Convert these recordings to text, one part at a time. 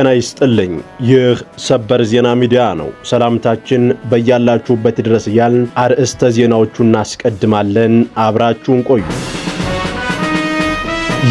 ጤና ይስጥልኝ። ይህ ሰበር ዜና ሚዲያ ነው። ሰላምታችን በያላችሁበት ድረስ እያልን አርዕስተ ዜናዎቹን እናስቀድማለን። አብራችሁን ቆዩ።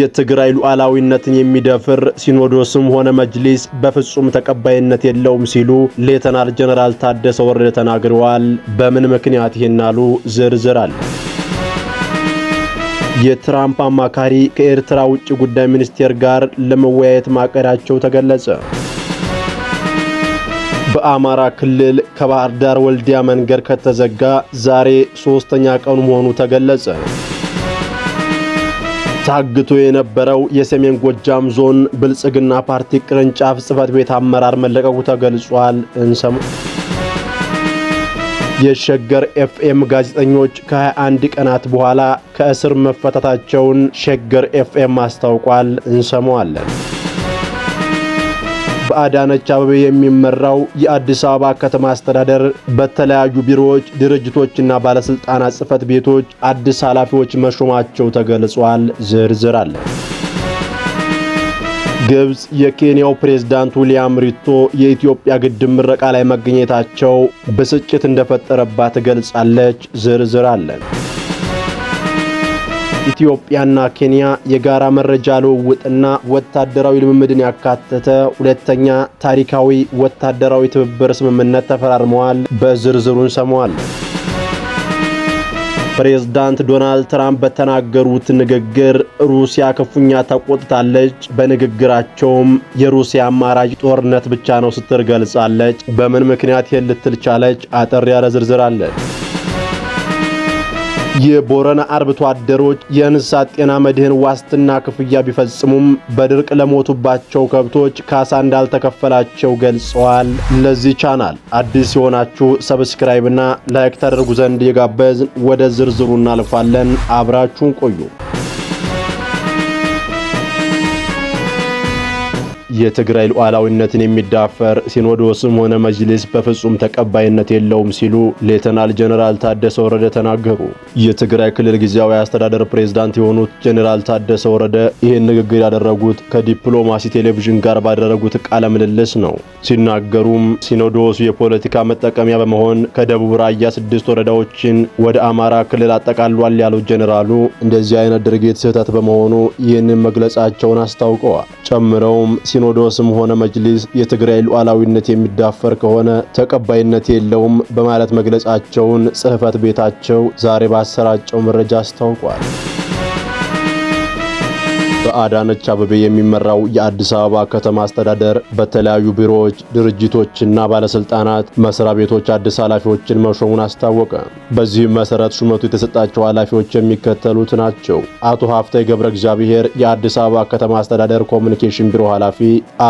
የትግራይ ሉዓላዊነትን የሚደፍር ሲኖዶስም ሆነ መጅሊስ በፍጹም ተቀባይነት የለውም ሲሉ ሌተናል ጀነራል ታደሰ ወረደ ተናግረዋል። በምን ምክንያት ይህን አሉ? ዝርዝር አለ። የትራምፕ አማካሪ ከኤርትራ ውጭ ጉዳይ ሚኒስቴር ጋር ለመወያየት ማቀዳቸው ተገለጸ። በአማራ ክልል ከባህር ዳር ወልዲያ መንገድ ከተዘጋ ዛሬ ሶስተኛ ቀኑ መሆኑ ተገለጸ። ታግቶ የነበረው የሰሜን ጎጃም ዞን ብልጽግና ፓርቲ ቅርንጫፍ ጽህፈት ቤት አመራር መለቀቁ ተገልጿል። እንሰሙ የሸገር ኤፍኤም ጋዜጠኞች ከ21 ቀናት በኋላ ከእስር መፈታታቸውን ሸገር ኤፍኤም አስታውቋል። እንሰማዋለን። በአዳነች አበቤ የሚመራው የአዲስ አበባ ከተማ አስተዳደር በተለያዩ ቢሮዎች፣ ድርጅቶችና ባለስልጣናት ጽህፈት ቤቶች አዲስ ኃላፊዎች መሾማቸው ተገልጿል። ዝርዝር አለ። ግብጽ የኬንያው ፕሬዝዳንት ዊልያም ሪቶ የኢትዮጵያ ግድብ ምረቃ ላይ መገኘታቸው ብስጭት እንደፈጠረባት ገልጻለች። ዝርዝር አለን። ኢትዮጵያና ኬንያ የጋራ መረጃ ልውውጥና ወታደራዊ ልምምድን ያካተተ ሁለተኛ ታሪካዊ ወታደራዊ ትብብር ስምምነት ተፈራርመዋል። በዝርዝሩ እንሰማዋለን። ፕሬዝዳንት ዶናልድ ትራምፕ በተናገሩት ንግግር ሩሲያ ክፉኛ ተቆጥታለች። በንግግራቸውም የሩሲያ አማራጭ ጦርነት ብቻ ነው ስትል ገልጻለች። በምን ምክንያት ይህን ልትል ቻለች? አጠር ያለ ዝርዝር አለ። የቦረና አርብቶ አደሮች የእንስሳት ጤና መድህን ዋስትና ክፍያ ቢፈጽሙም በድርቅ ለሞቱባቸው ከብቶች ካሳ እንዳልተከፈላቸው ገልጸዋል። ለዚህ ቻናል አዲስ የሆናችሁ ሰብስክራይብና ላይክ ታደርጉ ዘንድ የጋበዝን ወደ ዝርዝሩ እናልፋለን። አብራችሁን ቆዩ። የትግራይ ሉዓላዊነትን የሚዳፈር ሲኖዶስም ሆነ መጅሊስ በፍጹም ተቀባይነት የለውም ሲሉ ሌተናል ጀኔራል ታደሰ ወረደ ተናገሩ። የትግራይ ክልል ጊዜያዊ አስተዳደር ፕሬዝዳንት የሆኑት ጀኔራል ታደሰ ወረደ ይህን ንግግር ያደረጉት ከዲፕሎማሲ ቴሌቪዥን ጋር ባደረጉት ቃለ ምልልስ ነው። ሲናገሩም ሲኖዶሱ የፖለቲካ መጠቀሚያ በመሆን ከደቡብ ራያ ስድስት ወረዳዎችን ወደ አማራ ክልል አጠቃሏል ያሉት ጀኔራሉ እንደዚህ አይነት ድርጊት ስህተት በመሆኑ ይህንን መግለጻቸውን አስታውቀዋል። ጨምረውም ሲኖዶስም ሆነ መጅሊስ የትግራይ ሉዓላዊነት የሚዳፈር ከሆነ ተቀባይነት የለውም በማለት መግለጻቸውን ጽህፈት ቤታቸው ዛሬ ባሰራጨው መረጃ አስታውቋል። በአዳነች አበቤ የሚመራው የአዲስ አበባ ከተማ አስተዳደር በተለያዩ ቢሮዎች፣ ድርጅቶችና ባለስልጣናት መስሪያ ቤቶች አዲስ ኃላፊዎችን መሾሙን አስታወቀ። በዚህም መሰረት ሹመቱ የተሰጣቸው ኃላፊዎች የሚከተሉት ናቸው። አቶ ሀፍተ ገብረ እግዚአብሔር የአዲስ አበባ ከተማ አስተዳደር ኮሚኒኬሽን ቢሮ ኃላፊ፣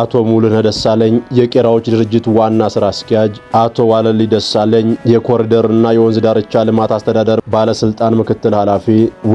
አቶ ሙሉነ ደሳለኝ የቄራዎች ድርጅት ዋና ስራ አስኪያጅ፣ አቶ ዋለሊ ደሳለኝ የኮሪደርና የወንዝ ዳርቻ ልማት አስተዳደር ባለስልጣን ምክትል ኃላፊ፣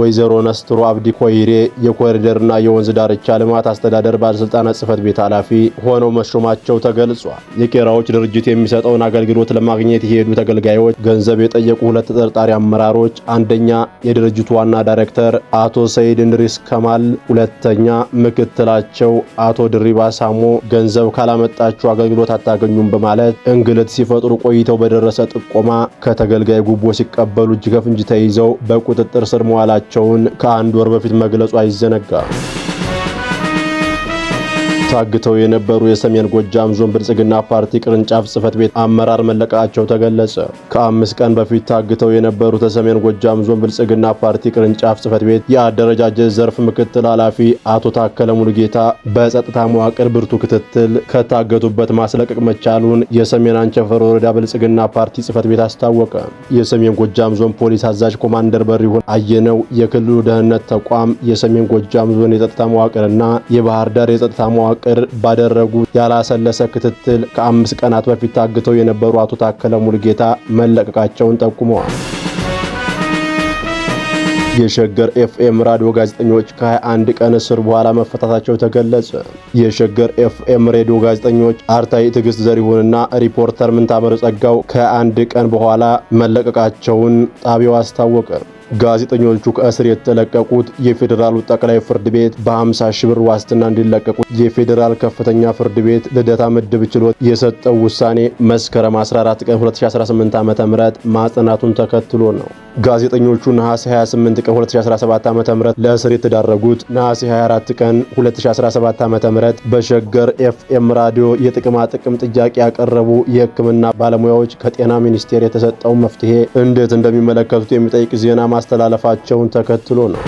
ወይዘሮ ነስትሮ አብዲ ኮይሬ የኮሪደርና የወንዝ ዳርቻ ልማት አስተዳደር ባለሥልጣናት ጽህፈት ቤት ኃላፊ ሆነው መሾማቸው ተገልጿል። የቄራዎች ድርጅት የሚሰጠውን አገልግሎት ለማግኘት የሄዱ ተገልጋዮች ገንዘብ የጠየቁ ሁለት ተጠርጣሪ አመራሮች፣ አንደኛ የድርጅቱ ዋና ዳይሬክተር አቶ ሰይድ እንድሪስ ከማል፣ ሁለተኛ ምክትላቸው አቶ ድሪባ ሳሞ ገንዘብ ካላመጣችሁ አገልግሎት አታገኙም በማለት እንግልት ሲፈጥሩ ቆይተው በደረሰ ጥቆማ ከተገልጋይ ጉቦ ሲቀበሉ እጅ ከፍንጅ ተይዘው በቁጥጥር ስር መዋላቸውን ከአንድ ወር በፊት መግለጹ አይዘነጋም። ታግተው የነበሩ የሰሜን ጎጃም ዞን ብልጽግና ፓርቲ ቅርንጫፍ ጽህፈት ቤት አመራር መለቀቃቸው ተገለጸ። ከአምስት ቀን በፊት ታግተው የነበሩት የሰሜን ጎጃም ዞን ብልጽግና ፓርቲ ቅርንጫፍ ጽህፈት ቤት የአደረጃጀት ዘርፍ ምክትል ኃላፊ አቶ ታከለ ሙሉጌታ በጸጥታ መዋቅር ብርቱ ክትትል ከታገቱበት ማስለቀቅ መቻሉን የሰሜን አንቸፈር ወረዳ ብልጽግና ፓርቲ ጽህፈት ቤት አስታወቀ። የሰሜን ጎጃም ዞን ፖሊስ አዛዥ ኮማንደር በሪሁን አየነው የክልሉ ደህንነት ተቋም የሰሜን ጎጃም ዞን የጸጥታ መዋቅርና የባህር ዳር የጸጥታ መዋቅር ፍቅር ባደረጉ ያላሰለሰ ክትትል ከአምስት ቀናት በፊት ታግተው የነበሩ አቶ ታከለ ሙሉጌታ መለቀቃቸውን ጠቁመዋል። የሸገር ኤፍኤም ራዲዮ ጋዜጠኞች ከ21 ቀን እስር በኋላ መፈታታቸው ተገለጸ። የሸገር ኤፍኤም ሬዲዮ ጋዜጠኞች አርታይ ትዕግስት ዘሪሁንና ሪፖርተር ምንታምር ጸጋው ከ ቀን በኋላ መለቀቃቸውን ጣቢያው አስታወቀ። ጋዜጠኞቹ ከእስር የተለቀቁት የፌዴራሉ ጠቅላይ ፍርድ ቤት በ50 ሺህ ብር ዋስትና እንዲለቀቁ የፌዴራል ከፍተኛ ፍርድ ቤት ልደታ ምድብ ችሎት የሰጠው ውሳኔ መስከረም 14 ቀን 2018 ዓ.ም ማጽናቱን ተከትሎ ነው። ጋዜጠኞቹ ነሐሴ 28 ቀን 2017 ዓ.ም ለእስር የተዳረጉት ነሐሴ 24 ቀን 2017 ዓ.ም በሸገር ኤፍኤም ራዲዮ የጥቅማ ጥቅም ጥያቄ ያቀረቡ የሕክምና ባለሙያዎች ከጤና ሚኒስቴር የተሰጠው መፍትሄ እንዴት እንደሚመለከቱት የሚጠይቅ ዜና ማስተላለፋቸውን ተከትሎ ነው።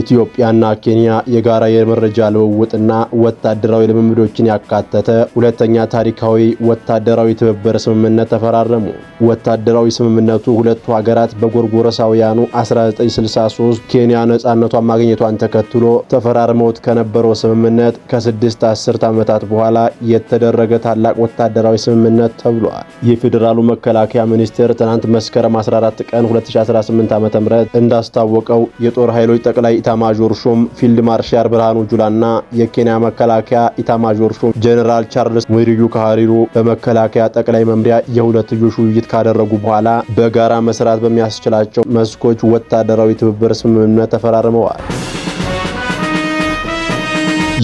ኢትዮጵያና ኬንያ የጋራ የመረጃ ልውውጥና ወታደራዊ ልምምዶችን ያካተተ ሁለተኛ ታሪካዊ ወታደራዊ ትብብር ስምምነት ተፈራረሙ። ወታደራዊ ስምምነቱ ሁለቱ ሀገራት በጎርጎረሳውያኑ 1963 ኬንያ ነጻነቷን ማግኘቷን ተከትሎ ተፈራርመውት ከነበረው ስምምነት ከስድስት አስርት ዓመታት በኋላ የተደረገ ታላቅ ወታደራዊ ስምምነት ተብሏል። የፌዴራሉ መከላከያ ሚኒስቴር ትናንት መስከረም 14 ቀን 2018 ዓ.ም እንዳስታወቀው የጦር ኃይሎች ጠቅላይ ኢታማዦር ሹም ፊልድ ማርሻል ብርሃኑ ጁላና የኬንያ መከላከያ ኢታማዦር ሹም ጄኔራል ቻርልስ ሙይሪዩ ካሪሩ በመከላከያ ጠቅላይ መምሪያ የሁለትዮሽ ውይይት ካደረጉ በኋላ በጋራ መስራት በሚያስችላቸው መስኮች ወታደራዊ ትብብር ስምምነት ተፈራርመዋል።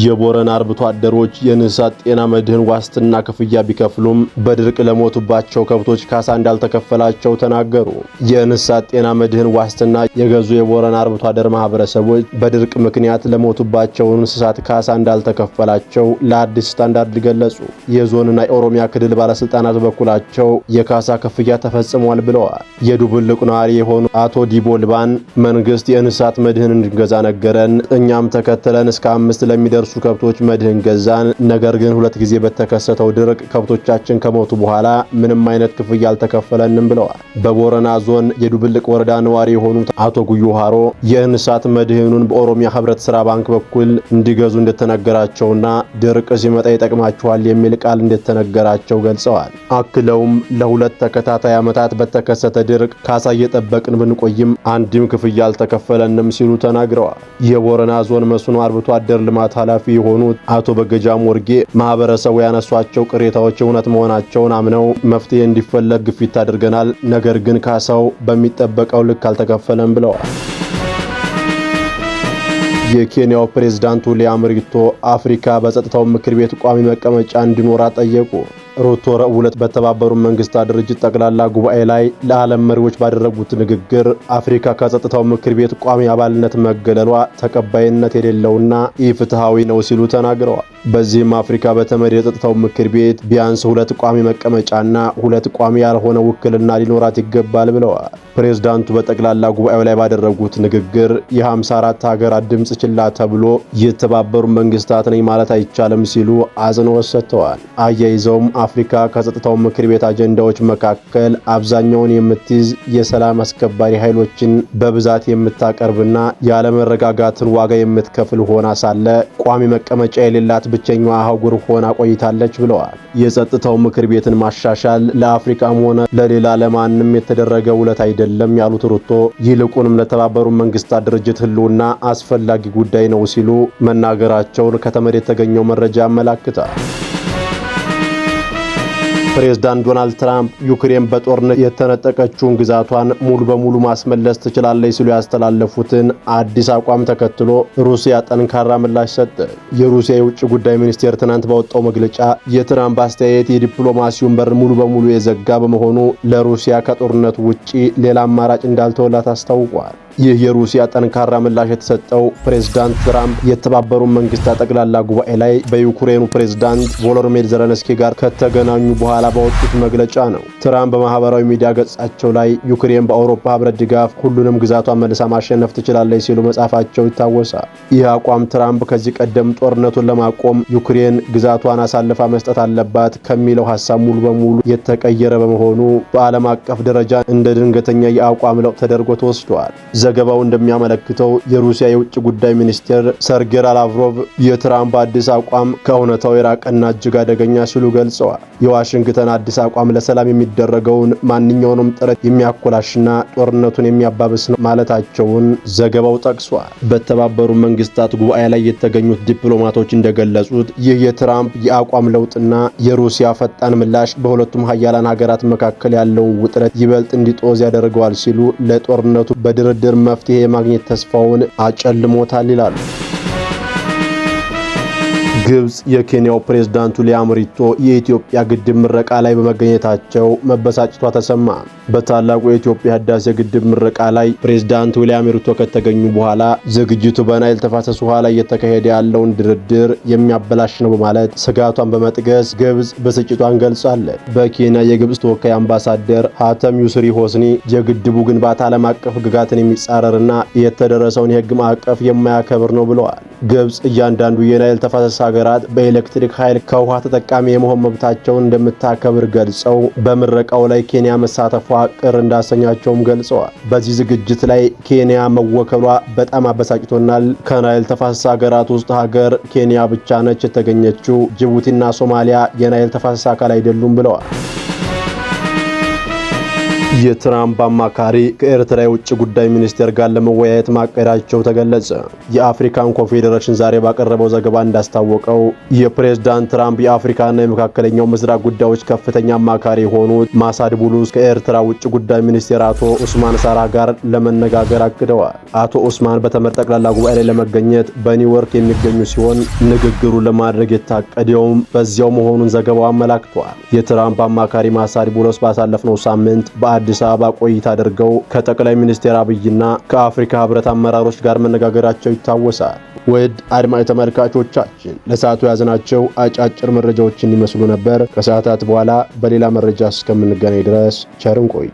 የቦረና አርብቶ አደሮች የእንስሳት ጤና መድህን ዋስትና ክፍያ ቢከፍሉም በድርቅ ለሞቱባቸው ከብቶች ካሳ እንዳልተከፈላቸው ተናገሩ። የእንስሳት ጤና መድህን ዋስትና የገዙ የቦረና አርብቶ አደር ማህበረሰቦች በድርቅ ምክንያት ለሞቱባቸው እንስሳት ካሳ እንዳልተከፈላቸው ለአዲስ ስታንዳርድ ገለጹ። የዞንና የኦሮሚያ ክልል ባለስልጣናት በኩላቸው የካሳ ክፍያ ተፈጽሟል ብለዋል። የዱብልቁ ነዋሪ የሆኑ አቶ ዲቦልባን መንግስት የእንስሳት መድህን እንዲገዛ ነገረን፣ እኛም ተከትለን እስከ አምስት ለሚደ የሚደርሱ ከብቶች መድህን ገዛን። ነገር ግን ሁለት ጊዜ በተከሰተው ድርቅ ከብቶቻችን ከሞቱ በኋላ ምንም አይነት ክፍያ አልተከፈለንም ብለዋል። በቦረና ዞን የዱብልቅ ወረዳ ነዋሪ የሆኑት አቶ ጉዩ ሃሮ የእንስሳት መድህኑን በኦሮሚያ ህብረት ስራ ባንክ በኩል እንዲገዙ እንደተነገራቸውና ድርቅ ሲመጣ ይጠቅማቸዋል የሚል ቃል እንደተነገራቸው ገልጸዋል። አክለውም ለሁለት ተከታታይ ዓመታት በተከሰተ ድርቅ ካሳ እየጠበቅን ብንቆይም አንድም ክፍያ አልተከፈለንም ሲሉ ተናግረዋል። የቦረና ዞን መስኖ አርብቶ አደር ልማት ኃላፊ የሆኑት አቶ በገጃም ወርጌ ማህበረሰቡ ያነሷቸው ቅሬታዎች እውነት መሆናቸውን አምነው መፍትሄ እንዲፈለግ ግፊት አድርገናል፣ ነገር ግን ካሳው በሚጠበቀው ልክ አልተከፈለም ብለዋል። የኬንያው ፕሬዝዳንት ዊልያም ሪቶ አፍሪካ በጸጥታው ምክር ቤት ቋሚ መቀመጫ እንዲኖራ ጠየቁ። ሩቶ ረቡዕ በተባበሩት መንግስታት ድርጅት ጠቅላላ ጉባኤ ላይ ለዓለም መሪዎች ባደረጉት ንግግር አፍሪካ ከጸጥታው ምክር ቤት ቋሚ አባልነት መገለሏ ተቀባይነት የሌለውና ኢፍትሐዊ ነው ሲሉ ተናግረዋል። በዚህም አፍሪካ በተመድ የጸጥታው ምክር ቤት ቢያንስ ሁለት ቋሚ መቀመጫና ሁለት ቋሚ ያልሆነ ውክልና ሊኖራት ይገባል ብለዋል። ፕሬዝዳንቱ በጠቅላላ ጉባኤው ላይ ባደረጉት ንግግር የ54 ሀገራት ድምፅ ችላ ተብሎ የተባበሩት መንግስታት ነኝ ማለት አይቻልም ሲሉ አጽንኦት ሰጥተዋል። አያይዘውም አፍሪካ ከጸጥታው ምክር ቤት አጀንዳዎች መካከል አብዛኛውን የምትይዝ የሰላም አስከባሪ ኃይሎችን በብዛት የምታቀርብና ያለመረጋጋትን ዋጋ የምትከፍል ሆና ሳለ ቋሚ መቀመጫ የሌላት ብቸኛዋ አህጉር ሆና ቆይታለች ብለዋል። የጸጥታው ምክር ቤትን ማሻሻል ለአፍሪካም ሆነ ለሌላ ለማንም የተደረገ ውለት አይደለም ያሉት ሩቶ ይልቁንም ለተባበሩት መንግስታት ድርጅት ህልውና አስፈላጊ ጉዳይ ነው ሲሉ መናገራቸውን ከተመድ የተገኘው መረጃ ያመላክታል። ፕሬዝዳንት ዶናልድ ትራምፕ ዩክሬን በጦርነት የተነጠቀችውን ግዛቷን ሙሉ በሙሉ ማስመለስ ትችላለች ሲሉ ያስተላለፉትን አዲስ አቋም ተከትሎ ሩሲያ ጠንካራ ምላሽ ሰጠ። የሩሲያ የውጭ ጉዳይ ሚኒስቴር ትናንት ባወጣው መግለጫ የትራምፕ አስተያየት የዲፕሎማሲውን በር ሙሉ በሙሉ የዘጋ በመሆኑ ለሩሲያ ከጦርነት ውጪ ሌላ አማራጭ እንዳልተወላት አስታውቋል። ይህ የሩሲያ ጠንካራ ምላሽ የተሰጠው ፕሬዝዳንት ትራምፕ የተባበሩ መንግስታት ጠቅላላ ጉባኤ ላይ በዩክሬኑ ፕሬዝዳንት ቮሎዲሚር ዘለንስኪ ጋር ከተገናኙ በኋላ በወጡት መግለጫ ነው። ትራምፕ በማህበራዊ ሚዲያ ገጻቸው ላይ ዩክሬን በአውሮፓ ህብረት ድጋፍ ሁሉንም ግዛቷን መልሳ ማሸነፍ ትችላለች ሲሉ መጻፋቸው ይታወሳል። ይህ አቋም ትራምፕ ከዚህ ቀደም ጦርነቱን ለማቆም ዩክሬን ግዛቷን አሳልፋ መስጠት አለባት ከሚለው ሀሳብ ሙሉ በሙሉ የተቀየረ በመሆኑ በዓለም አቀፍ ደረጃ እንደ ድንገተኛ የአቋም ለውጥ ተደርጎ ተወስዷል። ዘገባው እንደሚያመለክተው የሩሲያ የውጭ ጉዳይ ሚኒስቴር ሰርጌ ላቭሮቭ የትራምፕ አዲስ አቋም ከእውነታው የራቀና እጅግ አደገኛ ሲሉ ገልጸዋል። የዋሽንግተን አዲስ አቋም ለሰላም የሚደረገውን ማንኛውንም ጥረት የሚያኮላሽና ጦርነቱን የሚያባብስ ነው ማለታቸውን ዘገባው ጠቅሷል። በተባበሩ መንግስታት ጉባኤ ላይ የተገኙት ዲፕሎማቶች እንደገለጹት ይህ የትራምፕ የአቋም ለውጥና የሩሲያ ፈጣን ምላሽ በሁለቱም ሀያላን ሀገራት መካከል ያለውን ውጥረት ይበልጥ እንዲጦዝ ያደርገዋል ሲሉ ለጦርነቱ በድርድር ችግር መፍትሄ የማግኘት ተስፋውን አጨልሞታል ይላሉ። ግብጽ የኬንያው ፕሬዝዳንት ዊልያም ሪቶ የኢትዮጵያ ግድብ ምረቃ ላይ በመገኘታቸው መበሳጭቷ ተሰማ። በታላቁ የኢትዮጵያ ህዳሴ ግድብ ምረቃ ላይ ፕሬዝዳንት ዊልያም ሪቶ ከተገኙ በኋላ ዝግጅቱ በናይል ተፋሰስ ውሃ ላይ እየተካሄደ ያለውን ድርድር የሚያበላሽ ነው በማለት ስጋቷን በመጥገስ ግብጽ ብስጭቷን ገልጻለች። በኬንያ የግብጽ ተወካይ አምባሳደር ሀተም ዩስሪ ሆስኒ የግድቡ ግንባታ ዓለም አቀፍ ህግጋትን የሚጻረርና የተደረሰውን የህግ ማዕቀፍ የማያከብር ነው ብለዋል። ግብጽ እያንዳንዱ የናይል ተፋሰስ ሀገራት በኤሌክትሪክ ኃይል ከውሃ ተጠቃሚ የመሆን መብታቸውን እንደምታከብር ገልጸው በምረቃው ላይ ኬንያ መሳተፏ ቅር እንዳሰኛቸውም ገልጸዋል። በዚህ ዝግጅት ላይ ኬንያ መወከሏ በጣም አበሳጭቶናል። ከናይል ተፋሰስ ሀገራት ውስጥ ሀገር ኬንያ ብቻ ነች የተገኘችው። ጅቡቲና ሶማሊያ የናይል ተፋሰስ አካል አይደሉም ብለዋል። የትራምፕ አማካሪ ከኤርትራ የውጭ ጉዳይ ሚኒስቴር ጋር ለመወያየት ማቀዳቸው ተገለጸ። የአፍሪካን ኮንፌዴሬሽን ዛሬ ባቀረበው ዘገባ እንዳስታወቀው የፕሬዝዳንት ትራምፕ የአፍሪካና የመካከለኛው ምስራቅ ጉዳዮች ከፍተኛ አማካሪ የሆኑት ማሳድ ቡሉስ ከኤርትራ ውጭ ጉዳይ ሚኒስቴር አቶ ኡስማን ሳራ ጋር ለመነጋገር አቅደዋል። አቶ ኡስማን በተመድ ጠቅላላ ጉባኤ ላይ ለመገኘት በኒውዮርክ የሚገኙ ሲሆን ንግግሩ ለማድረግ የታቀደውም በዚያው መሆኑን ዘገባው አመላክቷል። የትራምፕ አማካሪ ማሳድ ቡሎስ ባሳለፍነው ሳምንት በአ በአዲስ አበባ ቆይታ አድርገው ከጠቅላይ ሚኒስትር አብይና ከአፍሪካ ህብረት አመራሮች ጋር መነጋገራቸው ይታወሳል። ውድ አድማጭ ተመልካቾቻችን ለሰዓቱ ያዝናቸው አጫጭር መረጃዎችን ይመስሉ ነበር። ከሰዓታት በኋላ በሌላ መረጃ እስከምንገናኝ ድረስ ቸርን ቆይ